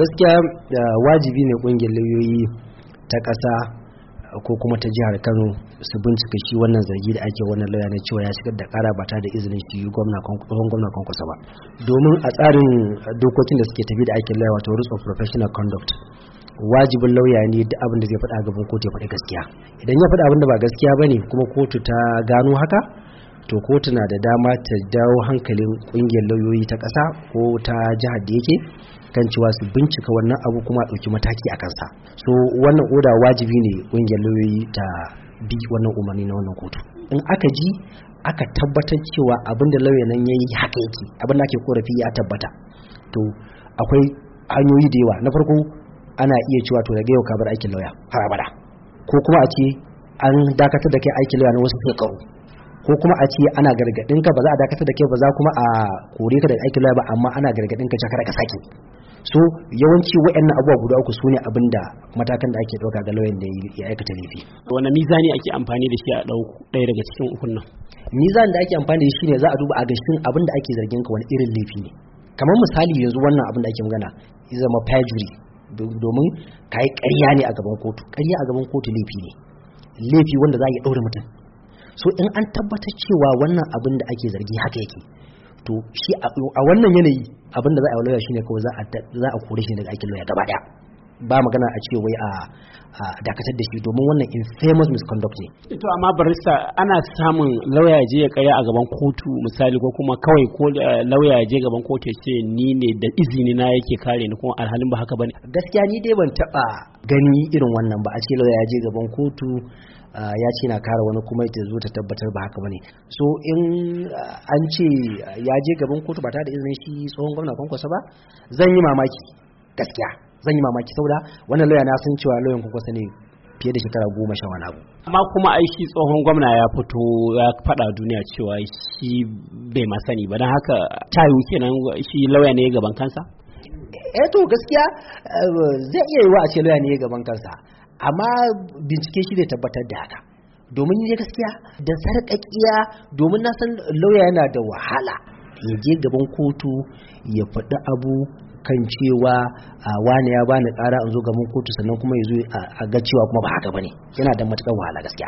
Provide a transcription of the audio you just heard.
gaskiya wajibi ne ƙungiyar lauyoyi ta kasa ko kuma ta jihar kano su bincika shi wannan zargi da ake wannan lauya na cewa ya shigar da kara ba ta da izinin shi tsohon gwamna kwankwasa ba domin a tsarin dokokin da suke tafi da ake lauya wato rules of professional conduct wajibin lauya ne duk abin da zai faɗa gaban kotu ya faɗi gaskiya idan ya faɗa abin da ba gaskiya ba kuma kotu ta gano haka to kotu na da dama ta dawo hankalin kungiyar lauyoyi ta ƙasa ko ta jihar da yake kan cewa su bincika wannan abu kuma a ɗauki mataki a kansa so wannan oda wajibi ne kungiyar lauyoyi ta bi wannan umarni na wannan kotu in aka ji aka tabbatar cewa abin da lauyan nan ya yi haka yake abin da ake korafi ya tabbata to akwai hanyoyi da yawa na farko ana iya cewa to daga yau ka bar aikin lauya har abada ko kuma a ce an dakatar da kai aikin lauya na wasu shekaru ko kuma a ce ana gargadin ka ba za a dakatar da kai ba za kuma a kore ka da aikin lawyer ba amma ana gargadin ka jakar ka sake so yawanci waɗannan abubuwa guda uku sune abin da matakan da ake ɗauka ga lauyan da ya aikata laifi wani mizani ake amfani da shi a ɗau ɗaya daga cikin ukun nan mizan da ake amfani da shi ne za a duba a gashin abin da ake zargin ka wani irin laifi ne kamar misali yanzu wannan abin da ake magana ya zama perjury domin ka yi ƙarya ne a gaban kotu ƙarya a gaban kotu laifi ne laifi wanda za a iya ɗaure mutum so in an tabbatar cewa wannan abin da ake zargi haka yake to shi a wannan yanayi abin da za a yi lawyer shine kawai za a kore shi daga aikin lawyer gaba daya ba magana a cewa wai a dakatar da shi domin wannan infamous misconduct ne. To amma barista ana samun lauya je ya kaya a gaban kotu misali ko kuma kawai ko eh, lauya je gaban kotu ya ce ni ne da izini na yake kare ni kuma alhalin ba haka bane. Gaskiya ni dai ban taba gani irin wannan ba a ce lauya je gaban kotu ya ce na kara wani kuma ta zo ta tabbatar ba haka bane so in an ce ya je gaban kotu ba tare da izinin shi tsohon gwamna kwankwasa ba zan yi mamaki gaskiya zan yi mamaki saboda wannan lauya na san cewa lauyan kwankwasa ne fiye da shekara goma sha wani abu. Amma kuma ai shi tsohon gwamna ya fito ya faɗa duniya cewa shi bai ma sani ba don haka tayu kenan shi lauya ne gaban kansa? Eh to gaskiya eh, zai iya yiwa a ce lauya ne gaban kansa. amma bincike shi ne tabbatar da haka domin ya gaskiya da sarƙaƙiya domin na san lauya yana da wahala ya je gaban kotu ya faɗi abu kan cewa wani ya bani ƙara an zo gaban kotu sannan kuma ya zo a ga cewa kuma ba haka ne yana da matuƙar wahala gaskiya